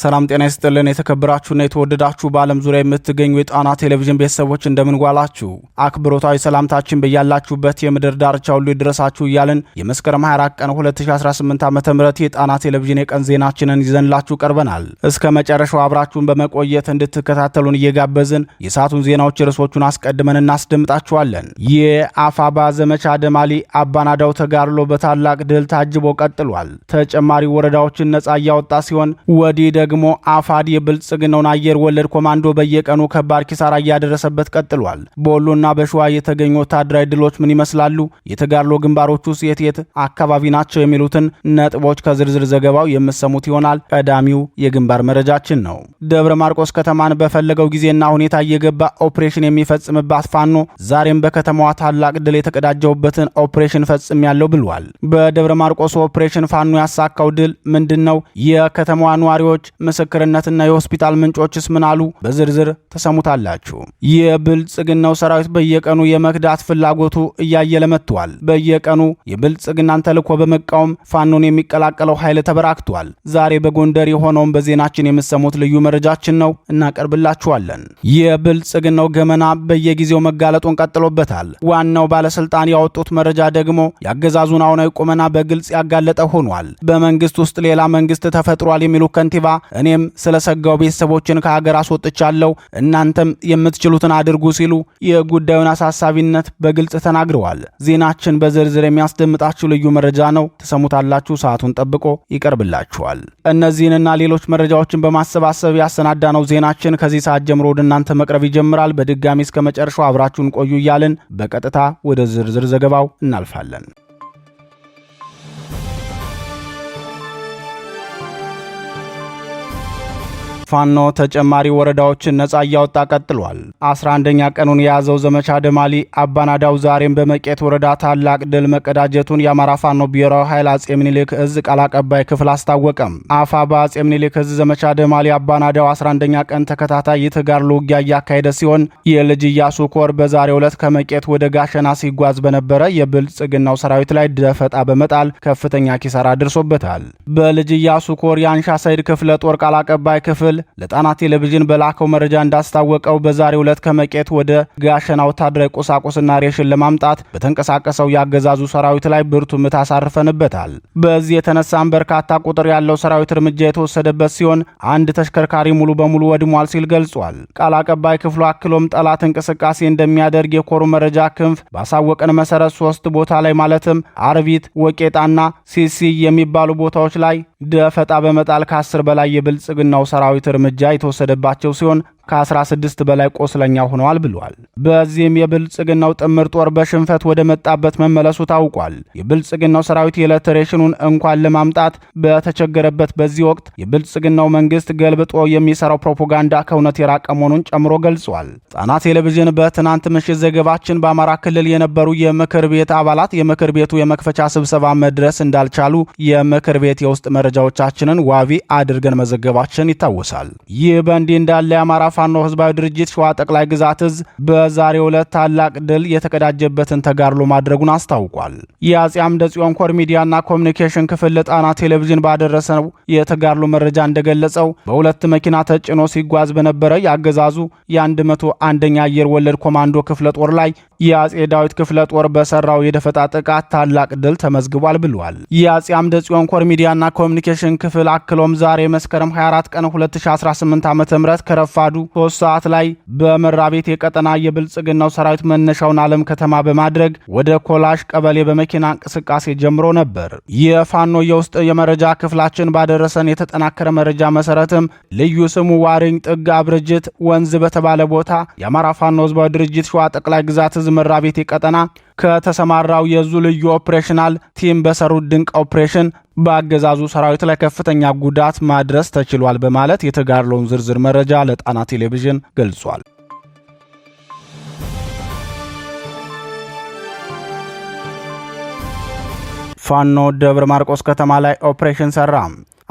ሰላም ጤና ይስጥልን የተከበራችሁና የተወደዳችሁ በዓለም ዙሪያ የምትገኙ የጣና ቴሌቪዥን ቤተሰቦች እንደምንጓላችሁ አክብሮታዊ ሰላምታችን በያላችሁበት የምድር ዳርቻ ሁሉ ይድረሳችሁ እያልን የመስከረም 24 ቀን 2018 ዓ ም የጣና ቴሌቪዥን የቀን ዜናችንን ይዘንላችሁ ቀርበናል። እስከ መጨረሻው አብራችሁን በመቆየት እንድትከታተሉን እየጋበዝን የሰዓቱን ዜናዎች ርዕሶቹን አስቀድመን እናስደምጣችኋለን። የአፋባ ዘመቻ ደማሊ አባናዳው ተጋድሎ በታላቅ ድል ታጅቦ ቀጥሏል። ተጨማሪ ወረዳዎችን ነጻ እያወጣ ሲሆን ወዲህ ደግሞ ደግሞ አፋድ የብልጽግናውን አየር ወለድ ኮማንዶ በየቀኑ ከባድ ኪሳራ እያደረሰበት ቀጥሏል። በወሎና በሸዋ የተገኙ ወታደራዊ ድሎች ምን ይመስላሉ? የተጋድሎ ግንባሮች ውስጥ የት የት አካባቢ ናቸው? የሚሉትን ነጥቦች ከዝርዝር ዘገባው የምሰሙት ይሆናል። ቀዳሚው የግንባር መረጃችን ነው። ደብረ ማርቆስ ከተማን በፈለገው ጊዜና ሁኔታ እየገባ ኦፕሬሽን የሚፈጽምባት ፋኖ ዛሬም በከተማዋ ታላቅ ድል የተቀዳጀውበትን ኦፕሬሽን ፈጽም ያለው ብሏል። በደብረ ማርቆስ ኦፕሬሽን ፋኖ ያሳካው ድል ምንድን ነው? የከተማዋ ነዋሪዎች ምስክርነትና የሆስፒታል ምንጮችስ ምን አሉ? በዝርዝር ተሰሙታላችሁ። የብልጽግናው ሰራዊት በየቀኑ የመክዳት ፍላጎቱ እያየለ መጥቷል። በየቀኑ የብልጽግናን ተልዕኮ በመቃወም ፋኖን የሚቀላቀለው ኃይል ተበራክቷል። ዛሬ በጎንደር የሆነውን በዜናችን የምሰሙት ልዩ መረጃችን ነው፣ እናቀርብላችኋለን። የብልጽግናው ገመና በየጊዜው መጋለጡን ቀጥሎበታል። ዋናው ባለስልጣን ያወጡት መረጃ ደግሞ የአገዛዙን አሁናዊ ቁመና በግልጽ ያጋለጠ ሆኗል። በመንግስት ውስጥ ሌላ መንግስት ተፈጥሯል የሚሉ ከንቲባ እኔም ስለ ሰጋው ቤተሰቦችን ከሀገር አስወጥቻለሁ፣ እናንተም የምትችሉትን አድርጉ ሲሉ የጉዳዩን አሳሳቢነት በግልጽ ተናግረዋል። ዜናችን በዝርዝር የሚያስደምጣችሁ ልዩ መረጃ ነው። ተሰሙታላችሁ። ሰዓቱን ጠብቆ ይቀርብላችኋል። እነዚህንና ሌሎች መረጃዎችን በማሰባሰብ ያሰናዳ ነው ዜናችን ከዚህ ሰዓት ጀምሮ ወደ እናንተ መቅረብ ይጀምራል። በድጋሚ እስከ መጨረሻው አብራችሁን ቆዩ እያልን በቀጥታ ወደ ዝርዝር ዘገባው እናልፋለን። ፋኖ ተጨማሪ ወረዳዎችን ነጻ እያወጣ ቀጥሏል አስራ አንደኛ ቀኑን የያዘው ዘመቻ ደማሊ አባናዳው ዛሬም በመቄት ወረዳ ታላቅ ድል መቀዳጀቱን የአማራ ፋኖ ብሔራዊ ኃይል አጼ ምኒልክ እዝ ቃል አቀባይ ክፍል አስታወቀም። አፋ በአጼ ምኒልክ እዝ ዘመቻ ደማሊ አባናዳው 11ኛ ቀን ተከታታይ የተጋድሎ ውጊያ እያካሄደ ሲሆን የልጅ እያሱ ኮር በዛሬው ዕለት ከመቄት ወደ ጋሸና ሲጓዝ በነበረ የብልጽግናው ሰራዊት ላይ ደፈጣ በመጣል ከፍተኛ ኪሳራ ደርሶበታል። በልጅ እያሱ ኮር የአንሻ ሰይድ ክፍለ ጦር ቃል አቀባይ ክፍል ክልል ለጣና ቴሌቪዥን በላከው መረጃ እንዳስታወቀው በዛሬው ዕለት ከመቄት ወደ ጋሸና ወታደራዊ ቁሳቁስና ሬሽን ለማምጣት በተንቀሳቀሰው የአገዛዙ ሰራዊት ላይ ብርቱ ምት አሳርፈንበታል። በዚህ የተነሳም በርካታ ቁጥር ያለው ሰራዊት እርምጃ የተወሰደበት ሲሆን አንድ ተሽከርካሪ ሙሉ በሙሉ ወድሟል ሲል ገልጿል። ቃል አቀባይ ክፍሉ አክሎም ጠላት እንቅስቃሴ እንደሚያደርግ የኮሩ መረጃ ክንፍ ባሳወቀን መሰረት ሶስት ቦታ ላይ ማለትም አርቢት፣ ወቄጣና ሲሲ የሚባሉ ቦታዎች ላይ ደፈጣ በመጣል ከአስር በላይ የብልጽግናው ሰራዊት እርምጃ የተወሰደባቸው ሲሆን ከ16 በላይ ቆስለኛ ሆነዋል ብሏል። በዚህም የብልጽግናው ጥምር ጦር በሽንፈት ወደ መጣበት መመለሱ ታውቋል። የብልጽግናው ሰራዊት የኤሌክትሬሽኑን እንኳን ለማምጣት በተቸገረበት በዚህ ወቅት የብልጽግናው መንግስት ገልብጦ የሚሰራው ፕሮፓጋንዳ ከእውነት የራቀ መሆኑን ጨምሮ ገልጿል። ጣና ቴሌቪዥን በትናንት ምሽት ዘገባችን በአማራ ክልል የነበሩ የምክር ቤት አባላት የምክር ቤቱ የመክፈቻ ስብሰባ መድረስ እንዳልቻሉ የምክር ቤት የውስጥ መረጃዎቻችንን ዋቢ አድርገን መዘገባችን ይታወሳል። ይህ በእንዲህ እንዳለ የአማራ ፋኖ ህዝባዊ ድርጅት ሸዋ ጠቅላይ ግዛት እዝ በዛሬው ዕለት ታላቅ ድል የተቀዳጀበትን ተጋድሎ ማድረጉን አስታውቋል። የአጼ አምደ ጽዮን ኮር ሚዲያና ኮሚኒኬሽን ክፍል ለጣና ቴሌቪዥን ባደረሰው የተጋድሎ መረጃ እንደገለጸው በሁለት መኪና ተጭኖ ሲጓዝ በነበረ የአገዛዙ የ101ኛ አየር ወለድ ኮማንዶ ክፍለ ጦር ላይ የአጼ ዳዊት ክፍለ ጦር በሰራው የደፈጣ ጥቃት ታላቅ ድል ተመዝግቧል ብሏል። የአጼ አምደ ጽዮን ኮር ሚዲያና ኮሚኒኬሽን ክፍል አክሎም ዛሬ መስከረም 24 ቀን 2018 ዓ ም ከረፋዱ 3 ሰዓት ላይ በመራ ቤት የቀጠና የብልጽግናው ሰራዊት መነሻውን አለም ከተማ በማድረግ ወደ ኮላሽ ቀበሌ በመኪና እንቅስቃሴ ጀምሮ ነበር። የፋኖ የውስጥ የመረጃ ክፍላችን ባደረሰን የተጠናከረ መረጃ መሰረትም ልዩ ስሙ ዋሪኝ ጥግ አብርጅት ወንዝ በተባለ ቦታ የአማራ ፋኖ ህዝባዊ ድርጅት ሸዋ ጠቅላይ ግዛት እዝ መራቤቴ ቀጠና ከተሰማራው የዙ ልዩ ኦፕሬሽናል ቲም በሰሩት ድንቅ ኦፕሬሽን በአገዛዙ ሰራዊት ላይ ከፍተኛ ጉዳት ማድረስ ተችሏል በማለት የተጋድሎውን ዝርዝር መረጃ ለጣና ቴሌቪዥን ገልጿል። ፋኖ ደብረ ማርቆስ ከተማ ላይ ኦፕሬሽን ሰራ።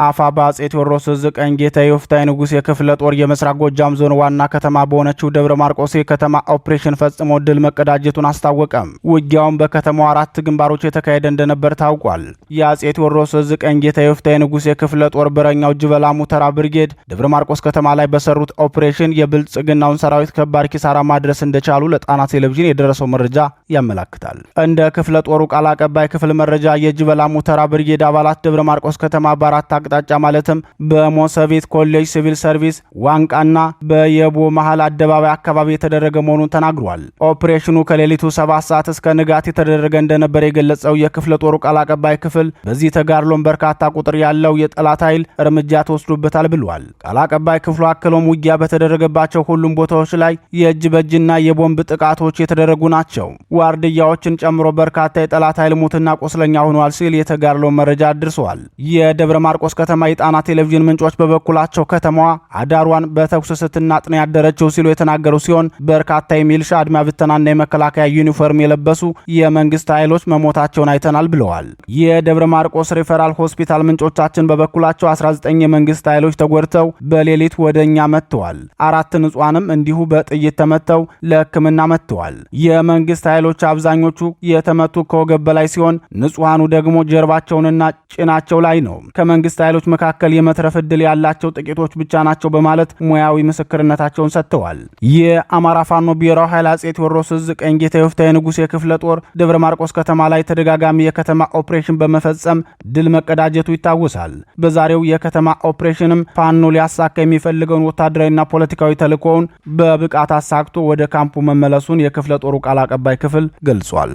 አፋባ አፄ ቴዎድሮስ እዝ ቀኝ ጌታ የወፍታይ ንጉሥ የክፍለ ጦር የምስራቅ ጎጃም ዞን ዋና ከተማ በሆነችው ደብረ ማርቆስ ከተማ ኦፕሬሽን ፈጽሞ ድል መቀዳጀቱን አስታወቀም። ውጊያውም በከተማው አራት ግንባሮች የተካሄደ እንደነበር ታውቋል። የአጼ ቴዎድሮስ እዝ ቀኝ ጌታ የወፍታይ ንጉሥ የክፍለ ጦር በረኛው ጅበላ ሙተራ ብርጌድ ደብረ ማርቆስ ከተማ ላይ በሰሩት ኦፕሬሽን የብልጽግናውን ሰራዊት ከባድ ኪሳራ ማድረስ እንደቻሉ ለጣና ቴሌቪዥን የደረሰው መረጃ ያመላክታል። እንደ ክፍለ ጦሩ ቃል አቀባይ ክፍል መረጃ የጅበላ ሙተራ ብርጌድ አባላት ደብረ ማርቆስ ከተማ በአራት አቅጣጫ ማለትም በሞሰቤት ኮሌጅ ሲቪል ሰርቪስ ዋንቃና በየቦ መሃል አደባባይ አካባቢ የተደረገ መሆኑን ተናግሯል። ኦፕሬሽኑ ከሌሊቱ ሰባት ሰዓት እስከ ንጋት የተደረገ እንደነበር የገለጸው የክፍለ ጦሩ ቃል አቀባይ ክፍል በዚህ ተጋድሎም በርካታ ቁጥር ያለው የጠላት ኃይል እርምጃ ተወስዶበታል ብሏል። ቃል አቀባይ ክፍሉ አክሎም ውጊያ በተደረገባቸው ሁሉም ቦታዎች ላይ የእጅ በእጅና የቦምብ ጥቃቶች የተደረጉ ናቸው። ዋርድያዎችን ጨምሮ በርካታ የጠላት ኃይል ሙትና ቁስለኛ ሆኗል ሲል የተጋድሎ መረጃ አድርሰዋል። የደብረ ማርቆስ የቂርቆስ ከተማ የጣና ቴሌቪዥን ምንጮች በበኩላቸው ከተማዋ አዳሯን በተኩስ ስትናጥን ያደረችው ሲሉ የተናገሩ ሲሆን በርካታ የሚልሻ አድማ ብተናና የመከላከያ ዩኒፎርም የለበሱ የመንግስት ኃይሎች መሞታቸውን አይተናል ብለዋል። የደብረ ማርቆስ ሪፈራል ሆስፒታል ምንጮቻችን በበኩላቸው 19 የመንግስት ኃይሎች ተጎድተው በሌሊት ወደ እኛ መጥተዋል። አራት ንጹሐንም እንዲሁ በጥይት ተመተው ለሕክምና መጥተዋል። የመንግስት ኃይሎች አብዛኞቹ የተመቱ ከወገብ በላይ ሲሆን፣ ንጹሐኑ ደግሞ ጀርባቸውንና ጭናቸው ላይ ነው። ከመንግስት ኃይሎች መካከል የመትረፍ እድል ያላቸው ጥቂቶች ብቻ ናቸው በማለት ሙያዊ ምስክርነታቸውን ሰጥተዋል። የአማራ ፋኖ ብሔራዊ ኃይል አጼ ቴዎድሮስ እዝ ቀኝ ጌታ የወፍታዊ ንጉሥ የክፍለ ጦር ደብረ ማርቆስ ከተማ ላይ ተደጋጋሚ የከተማ ኦፕሬሽን በመፈጸም ድል መቀዳጀቱ ይታወሳል። በዛሬው የከተማ ኦፕሬሽንም ፋኖ ሊያሳካ የሚፈልገውን ወታደራዊና ፖለቲካዊ ተልእኮውን በብቃት አሳክቶ ወደ ካምፑ መመለሱን የክፍለ ጦሩ ቃል አቀባይ ክፍል ገልጿል።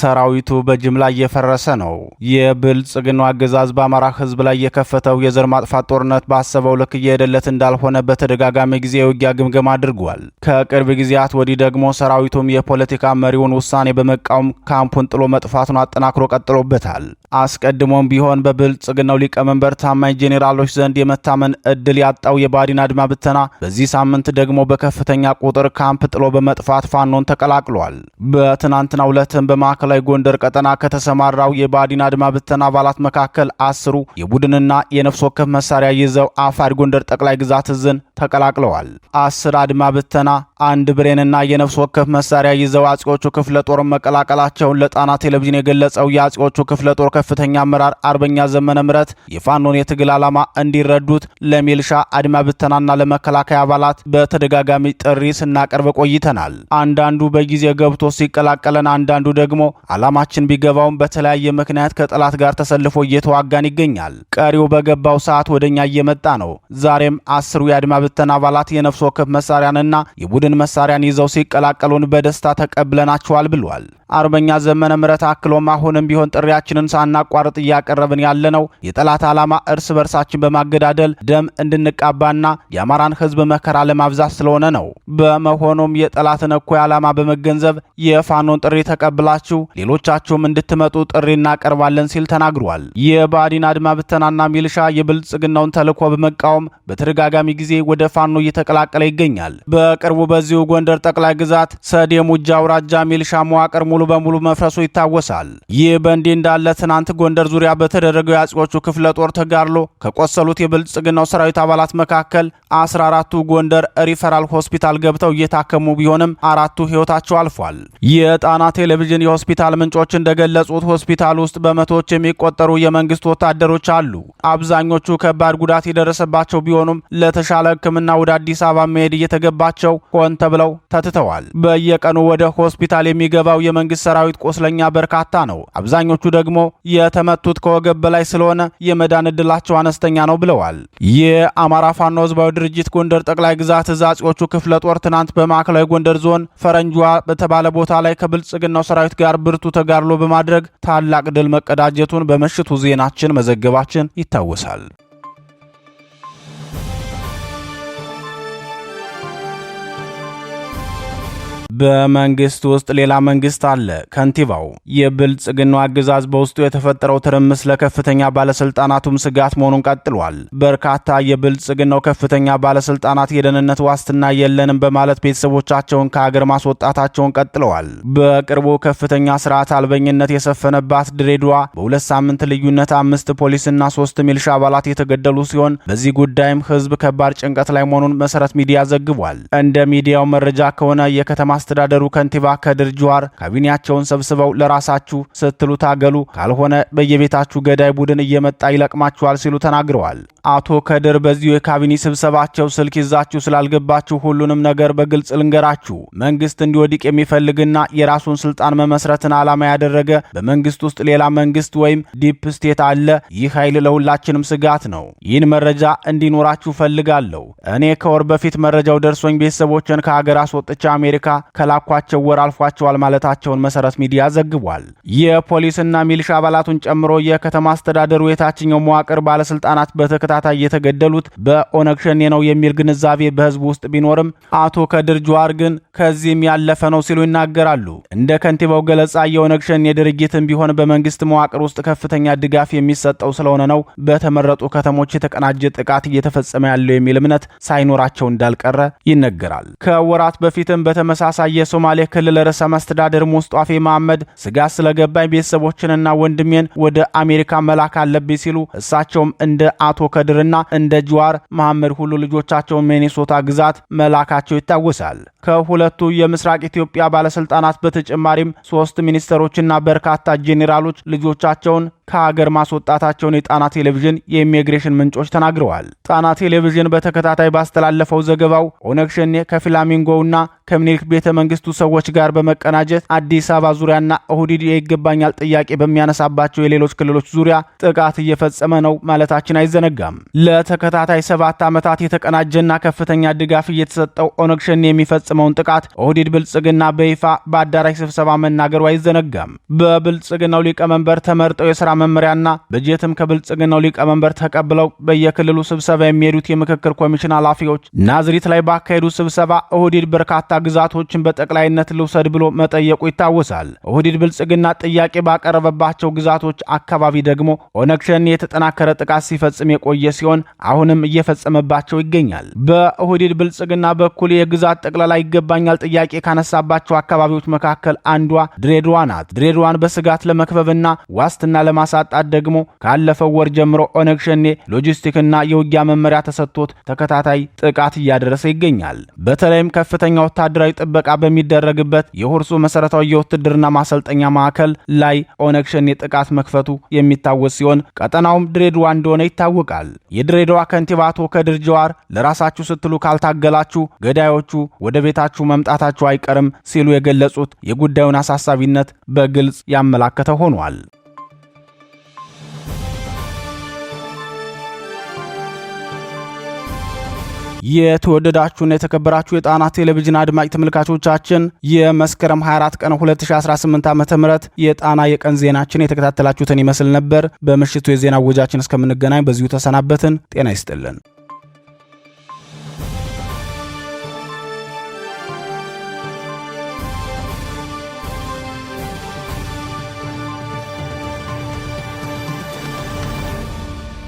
ሰራዊቱ በጅምላ እየፈረሰ ነው። የብልጽግናው አገዛዝ በአማራ ህዝብ ላይ የከፈተው የዘር ማጥፋት ጦርነት ባሰበው ልክ እየሄደለት እንዳልሆነ በተደጋጋሚ ጊዜ የውጊያ ግምገማ አድርጓል። ከቅርብ ጊዜያት ወዲህ ደግሞ ሰራዊቱም የፖለቲካ መሪውን ውሳኔ በመቃወም ካምፑን ጥሎ መጥፋቱን አጠናክሮ ቀጥሎበታል። አስቀድሞም ቢሆን በብልጽግናው ሊቀመንበር ታማኝ ጄኔራሎች ዘንድ የመታመን እድል ያጣው የባዲን አድማ ብተና በዚህ ሳምንት ደግሞ በከፍተኛ ቁጥር ካምፕ ጥሎ በመጥፋት ፋኖን ተቀላቅሏል። በትናንትናው ዕለትም በማካ ማዕከላዊ ጎንደር ቀጠና ከተሰማራው የባዲን አድማ ብተና አባላት መካከል አስሩ የቡድንና የነፍስ ወከፍ መሳሪያ ይዘው አፋድ ጎንደር ጠቅላይ ግዛት እዝን ተቀላቅለዋል። አስር አድማ ብተና አንድ ብሬንና የነፍስ ወከፍ መሳሪያ ይዘው አጼዎቹ ክፍለ ጦርን መቀላቀላቸውን ለጣና ቴሌቪዥን የገለጸው የአጼዎቹ ክፍለ ጦር ከፍተኛ አመራር አርበኛ ዘመነ ምረት የፋኖን የትግል ዓላማ እንዲረዱት ለሚልሻ አድማ ብተናና ለመከላከያ አባላት በተደጋጋሚ ጥሪ ስናቀርብ ቆይተናል። አንዳንዱ በጊዜ ገብቶ ሲቀላቀለን፣ አንዳንዱ ደግሞ ዓላማችን ቢገባውም በተለያየ ምክንያት ከጠላት ጋር ተሰልፎ እየተዋጋን ይገኛል። ቀሪው በገባው ሰዓት ወደኛ እየመጣ ነው። ዛሬም አስሩ የአድማ ብተና አባላት የነፍስ ወከፍ መሳሪያንና የቡድን መሳሪያን ይዘው ሲቀላቀሉን በደስታ ተቀብለናቸዋል ብሏል። አርበኛ ዘመነ ምረት አክሎም አሁንም ቢሆን ጥሪያችንን ሳናቋርጥ እያቀረብን ያለነው የጠላት ዓላማ እርስ በርሳችን በማገዳደል ደም እንድንቃባና የአማራን ሕዝብ መከራ ለማብዛት ስለሆነ ነው። በመሆኑም የጠላትን እኩይ ዓላማ በመገንዘብ የፋኖን ጥሪ ተቀብላችሁ ሌሎቻችሁም እንድትመጡ ጥሪ እናቀርባለን ሲል ተናግሯል። የባዲን አድማ ብተናና ሚልሻ የብልጽግናውን ተልዕኮ በመቃወም በተደጋጋሚ ጊዜ ወደ ፋኖ እየተቀላቀለ ይገኛል። በቅርቡ በዚሁ ጎንደር ጠቅላይ ግዛት ሰዴሙጃ አውራጃ ሚልሻ መዋቅር ሙሉ በሙሉ መፍረሱ ይታወሳል። ይህ በእንዲህ እንዳለ ትናንት ጎንደር ዙሪያ በተደረገው የአጼዎቹ ክፍለ ጦር ተጋድሎ ከቆሰሉት የብልጽግናው ሰራዊት አባላት መካከል 14ቱ ጎንደር ሪፈራል ሆስፒታል ገብተው እየታከሙ ቢሆንም አራቱ ሕይወታቸው አልፏል። የጣና ቴሌቪዥን የሆስፒታል የሆስፒታል ምንጮች እንደገለጹት ሆስፒታል ውስጥ በመቶዎች የሚቆጠሩ የመንግስት ወታደሮች አሉ። አብዛኞቹ ከባድ ጉዳት የደረሰባቸው ቢሆኑም ለተሻለ ሕክምና ወደ አዲስ አበባ መሄድ እየተገባቸው ሆን ተብለው ተትተዋል። በየቀኑ ወደ ሆስፒታል የሚገባው የመንግስት ሰራዊት ቆስለኛ በርካታ ነው። አብዛኞቹ ደግሞ የተመቱት ከወገብ በላይ ስለሆነ የመዳን እድላቸው አነስተኛ ነው ብለዋል። የአማራ ፋኖ ህዝባዊ ድርጅት ጎንደር ጠቅላይ ግዛት እዝ አጼዎቹ ክፍለ ጦር ትናንት በማዕከላዊ ጎንደር ዞን ፈረንጇ በተባለ ቦታ ላይ ከብልጽግናው ሰራዊት ጋር ብርቱ ተጋድሎ በማድረግ ታላቅ ድል መቀዳጀቱን በምሽቱ ዜናችን መዘገባችን ይታወሳል። በመንግስት ውስጥ ሌላ መንግስት አለ። ከንቲባው የብልጽግናው አገዛዝ በውስጡ የተፈጠረው ትርምስ ለከፍተኛ ባለስልጣናቱም ስጋት መሆኑን ቀጥሏል። በርካታ የብልጽግናው ከፍተኛ ባለስልጣናት የደህንነት ዋስትና የለንም በማለት ቤተሰቦቻቸውን ከሀገር ማስወጣታቸውን ቀጥለዋል። በቅርቡ ከፍተኛ ስርዓት አልበኝነት የሰፈነባት ድሬዷ በሁለት ሳምንት ልዩነት አምስት ፖሊስና ሶስት ሚልሻ አባላት የተገደሉ ሲሆን በዚህ ጉዳይም ህዝብ ከባድ ጭንቀት ላይ መሆኑን መሰረት ሚዲያ ዘግቧል። እንደ ሚዲያው መረጃ ከሆነ የከተማ አስተዳደሩ ከንቲባ ከድር ጅዋር ካቢኔያቸውን ሰብስበው ለራሳችሁ ስትሉ ታገሉ፣ ካልሆነ በየቤታችሁ ገዳይ ቡድን እየመጣ ይለቅማችኋል ሲሉ ተናግረዋል። አቶ ከድር በዚሁ የካቢኔ ስብሰባቸው ስልክ ይዛችሁ ስላልገባችሁ ሁሉንም ነገር በግልጽ ልንገራችሁ። መንግስት እንዲወድቅ የሚፈልግና የራሱን ስልጣን መመስረትን ዓላማ ያደረገ በመንግስት ውስጥ ሌላ መንግስት ወይም ዲፕ ስቴት አለ። ይህ ኃይል ለሁላችንም ስጋት ነው። ይህን መረጃ እንዲኖራችሁ ፈልጋለሁ። እኔ ከወር በፊት መረጃው ደርሶኝ ቤተሰቦችን ከሀገር አስወጥቼ አሜሪካ ከላኳቸው ወር አልፏቸዋል ማለታቸውን መሰረት ሚዲያ ዘግቧል። የፖሊስና ሚሊሻ አባላቱን ጨምሮ የከተማ አስተዳደሩ የታችኛው መዋቅር ባለስልጣናት በተከታታይ የተገደሉት በኦነግ ሸኔ ነው የሚል ግንዛቤ በህዝቡ ውስጥ ቢኖርም አቶ ከድር ጁዋር ግን ከዚህም ያለፈ ነው ሲሉ ይናገራሉ። እንደ ከንቲባው ገለጻ የኦነግ ሸኔ ድርጊትም ቢሆን በመንግስት መዋቅር ውስጥ ከፍተኛ ድጋፍ የሚሰጠው ስለሆነ ነው በተመረጡ ከተሞች የተቀናጀ ጥቃት እየተፈጸመ ያለው የሚል እምነት ሳይኖራቸው እንዳልቀረ ይነገራል። ከወራት በፊትም በተመሳሳይ የሶማሌ ክልል ርዕሰ መስተዳደር ሙስጣፌ መሐመድ ስጋት ስለገባኝ ቤተሰቦችንና ወንድሜን ወደ አሜሪካ መላክ አለብኝ ሲሉ እሳቸውም እንደ አቶ ከድርና እንደ ጅዋር መሐመድ ሁሉ ልጆቻቸውን ሚኔሶታ ግዛት መላካቸው ይታወሳል። ከሁለቱ የምስራቅ ኢትዮጵያ ባለስልጣናት በተጨማሪም ሶስት ሚኒስተሮችና በርካታ ጄኔራሎች ልጆቻቸውን ከሀገር ማስወጣታቸውን የጣና ቴሌቪዥን የኢሚግሬሽን ምንጮች ተናግረዋል። ጣና ቴሌቪዥን በተከታታይ ባስተላለፈው ዘገባው ኦነግ ሸኔ ከፊላሚንጎውና ከምኒልክ ቤተ ከመንግስቱ ሰዎች ጋር በመቀናጀት አዲስ አበባ ዙሪያና ኦህዴድ የይገባኛል ጥያቄ በሚያነሳባቸው የሌሎች ክልሎች ዙሪያ ጥቃት እየፈጸመ ነው ማለታችን አይዘነጋም። ለተከታታይ ሰባት ዓመታት የተቀናጀና ከፍተኛ ድጋፍ እየተሰጠው ኦነግ ሸኔ የሚፈጽመውን ጥቃት ኦህዴድ ብልጽግና በይፋ በአዳራሽ ስብሰባ መናገሩ አይዘነጋም። በብልጽግናው ሊቀመንበር ተመርጠው የስራ መመሪያና በጀትም ከብልጽግናው ሊቀመንበር ተቀብለው በየክልሉ ስብሰባ የሚሄዱት የምክክር ኮሚሽን ኃላፊዎች ናዝሪት ላይ ባካሄዱ ስብሰባ ኦህዴድ በርካታ ግዛቶችን በጠቅላይነት ልውሰድ ብሎ መጠየቁ ይታወሳል። ኦህዴድ ብልጽግና ጥያቄ ባቀረበባቸው ግዛቶች አካባቢ ደግሞ ኦነግ ሸኔ የተጠናከረ ጥቃት ሲፈጽም የቆየ ሲሆን አሁንም እየፈጸመባቸው ይገኛል። በኦህዴድ ብልጽግና በኩል የግዛት ጠቅላላ ይገባኛል ጥያቄ ካነሳባቸው አካባቢዎች መካከል አንዷ ድሬድዋ ናት። ድሬድዋን በስጋት ለመክበብና ዋስትና ለማሳጣት ደግሞ ካለፈው ወር ጀምሮ ኦነግ ሸኔ ሎጂስቲክና የውጊያ መመሪያ ተሰጥቶት ተከታታይ ጥቃት እያደረሰ ይገኛል። በተለይም ከፍተኛ ወታደራዊ ጥበቃ በሚደረግበት የሆርሶ መሰረታዊ የውትድርና ማሰልጠኛ ማዕከል ላይ ኦነግ ሸኔ ጥቃት መክፈቱ የሚታወስ ሲሆን ቀጠናውም ድሬድዋ እንደሆነ ይታወቃል። የድሬድዋ ከንቲባ አቶ ከድር ጀዋር ለራሳችሁ ስትሉ ካልታገላችሁ ገዳዮቹ ወደ ቤታችሁ መምጣታችሁ አይቀርም ሲሉ የገለጹት የጉዳዩን አሳሳቢነት በግልጽ ያመላከተ ሆኗል። የተወደዳችሁና የተከበራችሁ የጣና ቴሌቪዥን አድማጭ ተመልካቾቻችን የመስከረም 24 ቀን 2018 ዓ ም የጣና የቀን ዜናችን የተከታተላችሁትን ይመስል ነበር። በምሽቱ የዜና ወጃችን እስከምንገናኝ በዚሁ ተሰናበትን። ጤና ይስጥልን።